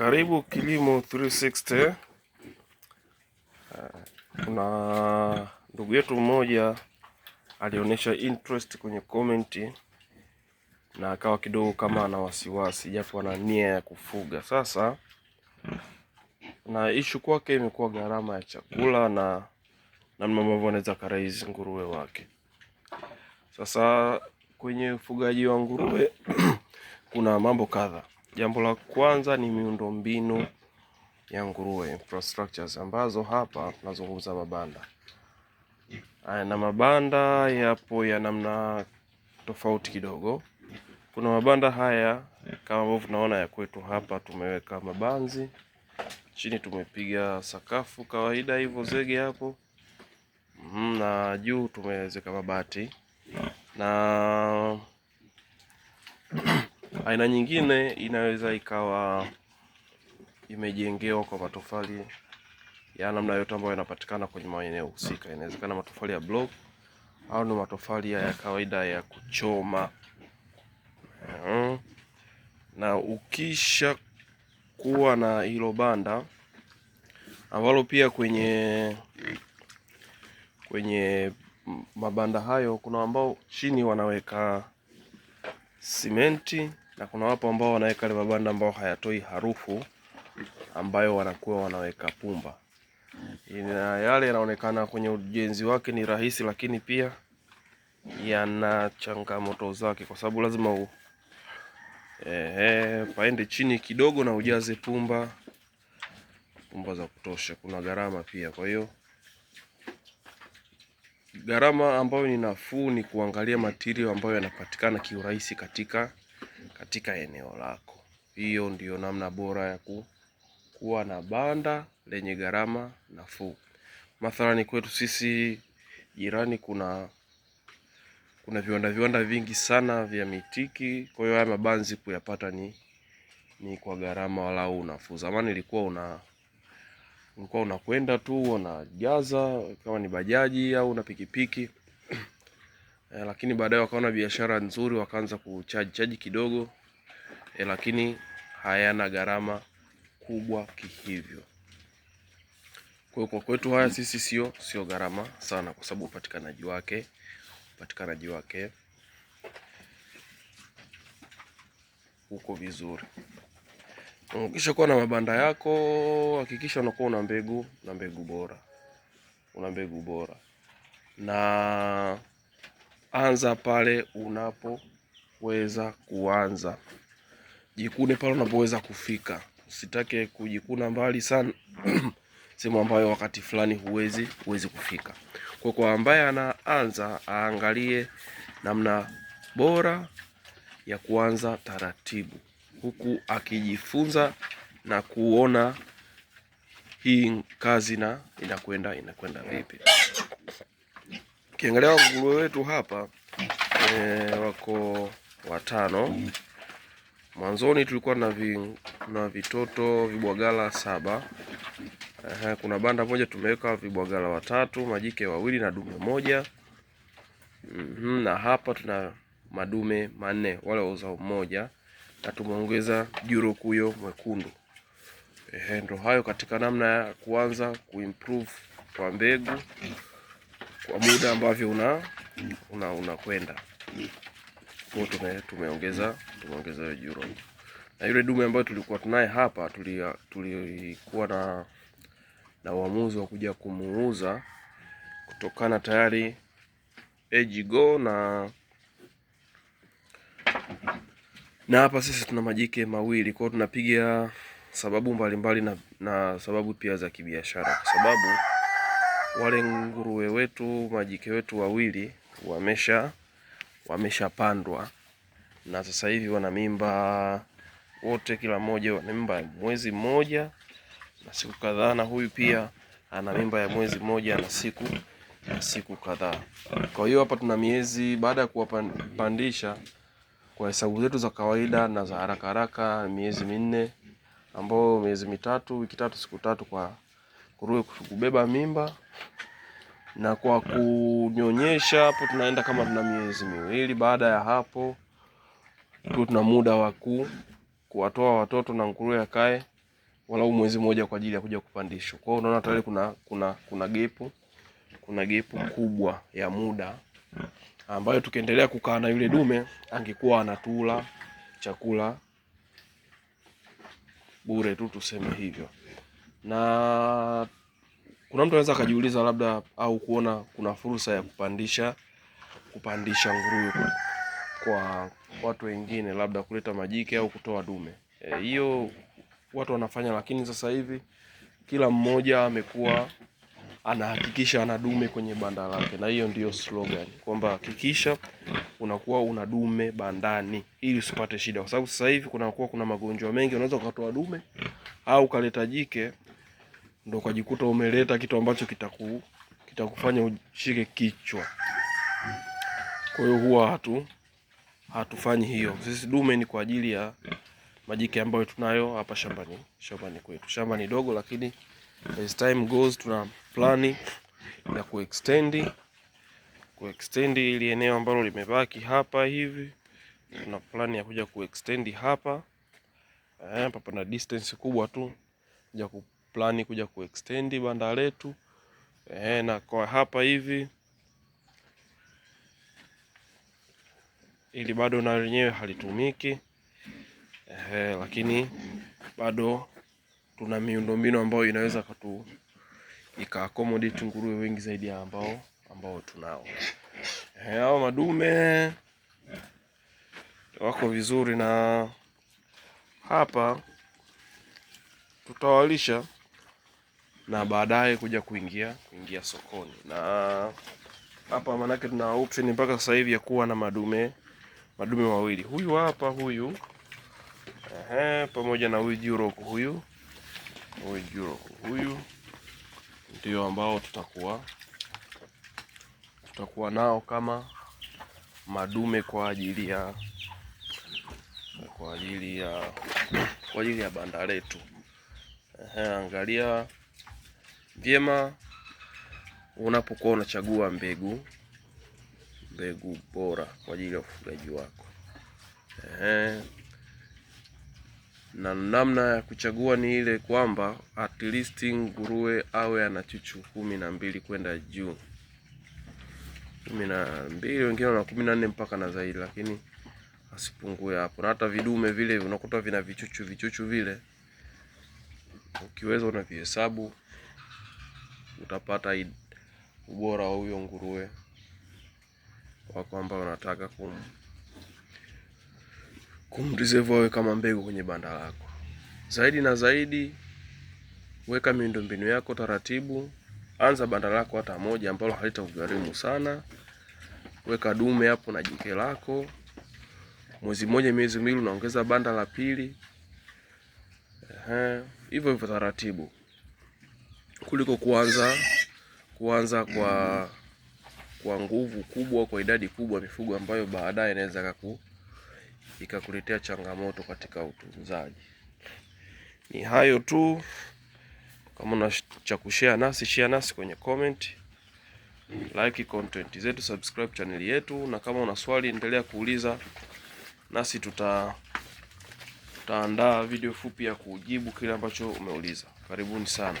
Karibu Kilimo 360. Uh, kuna ndugu yetu mmoja alionyesha interest kwenye komenti na akawa kidogo kama ana wasiwasi, japo ana nia ya kufuga. Sasa na ishu kwake imekuwa gharama ya chakula na namna ambavyo anaweza karaisi nguruwe wake. Sasa kwenye ufugaji wa nguruwe kuna mambo kadhaa Jambo la kwanza ni miundombinu ya nguruwe, infrastructures, ambazo hapa tunazungumza mabanda haya, na mabanda yapo ya namna tofauti kidogo. Kuna mabanda haya kama ambavyo tunaona ya kwetu hapa, tumeweka mabanzi chini, tumepiga sakafu kawaida hivyo zege hapo, mhm, na juu tumewezeka mabati na Aina nyingine inaweza ikawa imejengewa kwa matofali ya namna yote ambayo yanapatikana kwenye maeneo husika. Inawezekana matofali ya block au ni matofali ya kawaida ya kuchoma. Mm-hmm. Na ukisha kuwa na hilo banda ambalo pia kwenye kwenye mabanda hayo kuna ambao chini wanaweka simenti na kuna wapo ambao wanaweka ile mabanda ambao hayatoi harufu ambayo wanakuwa wanaweka pumba. Ina yale yanaonekana kwenye ujenzi wake ni rahisi, lakini pia yana changamoto zake, kwa sababu lazima u ehe, paende chini kidogo na ujaze pumba pumba za kutosha. Kuna gharama pia, kwa hiyo gharama ambayo ni nafuu ni kuangalia matirio ambayo yanapatikana kiurahisi katika katika eneo lako. Hiyo ndiyo namna bora ya ku, kuwa na banda lenye gharama nafuu. Mathalani kwetu sisi jirani kuna kuna viwanda viwanda vingi sana vya mitiki, kwa hiyo haya mabanzi kuyapata ni ni kwa gharama walau nafuu. Zamani ilikuwa una ulikuwa unakwenda tu unajaza kama ni bajaji au na pikipiki e, lakini baadaye wakaona biashara nzuri wakaanza kuchaji chaji kidogo e, lakini hayana gharama kubwa kihivyo. Kwa kwa kwetu haya sisi sio sio gharama sana, kwa sababu upatikanaji wake upatikanaji wake uko vizuri. kuwa na mabanda yako, hakikisha unakuwa una mbegu na mbegu bora, una mbegu bora na anza pale unapoweza kuanza, jikune pale unapoweza kufika. Usitake kujikuna mbali sana sehemu ambayo wakati fulani huwezi huwezi kufika. Kwa kwa ambaye anaanza aangalie namna bora ya kuanza taratibu, huku akijifunza na kuona hii kazi na inakwenda inakwenda vipi. Kiangalia nguruwe wetu hapa e, wako watano. Mwanzoni tulikuwa na, vi, na vitoto vibwagala saba. Aha, kuna banda moja tumeweka vibwagala watatu, majike wawili na dume moja. Mm -hmm, na hapa tuna madume manne wale wauza mmoja na tumeongeza juro kuyo mwekundu. Ehe, ndo hayo katika namna ya kuanza kuimprove kwa mbegu kwa muda ambavyo una unakwenda kwa tume tumeongeza tumeongeza hiyo euro. Na yule dume ambayo tulikuwa tunaye hapa tulikuwa tuli na na uamuzi wa kuja kumuuza kutokana tayari go na na hapa sisi tuna majike mawili kwao, tunapiga sababu mbalimbali mbali na, na sababu pia za kibiashara kwa sababu wale nguruwe wetu majike wetu wawili wamesha wameshapandwa na sasa hivi wana mimba wote, kila mmoja wana mimba ya mwezi mmoja na siku kadhaa, na huyu pia ana mimba ya mwezi mmoja na siku na siku kadhaa. Kwa hiyo hapa tuna miezi baada ya kuwapandisha kwa hesabu zetu za kawaida na za haraka haraka, miezi minne ambayo miezi mitatu, wiki tatu, siku tatu kwa kubeba mimba na kwa kunyonyesha hapo tunaenda kama tuna miezi miwili. Baada ya hapo tu tuna muda wa kuwatoa watoto na nguruwe akae walau mwezi mmoja kwa ajili ya kuja kupandishwa. Kwa hiyo unaona tayari kuna kuna kuna gepu kuna gepu kubwa ya muda ambayo tukiendelea kukaa na yule dume angekuwa anatula chakula bure tu, tuseme hivyo na kuna mtu anaweza akajiuliza labda au kuona kuna fursa ya kupandisha kupandisha nguruwe kwa watu wengine, labda kuleta majike au kutoa dume. E, hiyo e, watu wanafanya, lakini sasa hivi kila mmoja amekuwa anahakikisha ana dume kwenye banda lake, na hiyo ndiyo slogan kwamba hakikisha unakuwa una dume bandani ili usipate shida, kwa sababu sasa hivi kunakuwa kuna magonjwa mengi, unaweza ukatoa dume au ukaleta jike ndo ukajikuta umeleta kitu ambacho kitaku kitakufanya ushike kichwa. Kwa hiyo huwa hatu hatufanyi hiyo. Sisi dume ni kwa ajili ya majike ambayo tunayo hapa shambani shambani kwetu. Shamba ni dogo, lakini as time goes, tuna plani ya kuextend kuextend ili eneo ambalo limebaki hapa hivi, tuna plani ya kuja kuextend hapa eh, papa na distance kubwa tu ya ku plani kuja kuextend banda letu eh, na kwa hapa hivi ili bado na lenyewe halitumiki eh, lakini bado tuna miundombinu ambayo inaweza katu accommodate nguruwe wengi zaidi ya ambao ambao tunao. Eh, hao madume wako vizuri na hapa tutawalisha na baadaye kuja kuingia kuingia sokoni. Na hapa manake tuna option mpaka sasa hivi ya kuwa na madume madume mawili huyu hapa huyu, ehe, pamoja na huyu juroku huyu huyu juroku huyu, ndio ambao tutakuwa tutakuwa nao kama madume kwa ajili ya kwa ajili ya kwa ajili ya banda letu. Ehe, angalia vyema unapokuwa unachagua mbegu mbegu bora kwa ajili ya ufugaji wako. eh, Na namna ya kuchagua ni ile kwamba at least nguruwe awe ana chuchu kumi na mbili kwenda juu, kumi na mbili, wengine na kumi na nne mpaka na zaidi, lakini asipungue hapo. Na hata vidume vile unakuta vina vichuchu vichuchu vile, ukiweza unavihesabu utapata ubora wa huyo nguruwe wa kwamba unataka kum kumreserve wewe kama mbegu kwenye banda lako. Zaidi na zaidi, weka miundombinu yako taratibu. Anza banda lako hata moja ambalo halitakugharimu sana. Weka dume hapo na jike lako, mwezi mmoja, miezi miwili, unaongeza banda la pili. Ehe, hivyo hivyo taratibu kuliko kuanza kuanza kwa kwa nguvu kubwa, kwa idadi kubwa mifugo ambayo baadaye inaweza ikakuletea changamoto katika utunzaji. Ni hayo tu. Kama una cha kushare nasi, share nasi kwenye comment, like content zetu, subscribe channel yetu, na kama una swali endelea kuuliza nasi tuta tutaandaa video fupi ya kujibu kile ambacho umeuliza. Karibuni sana.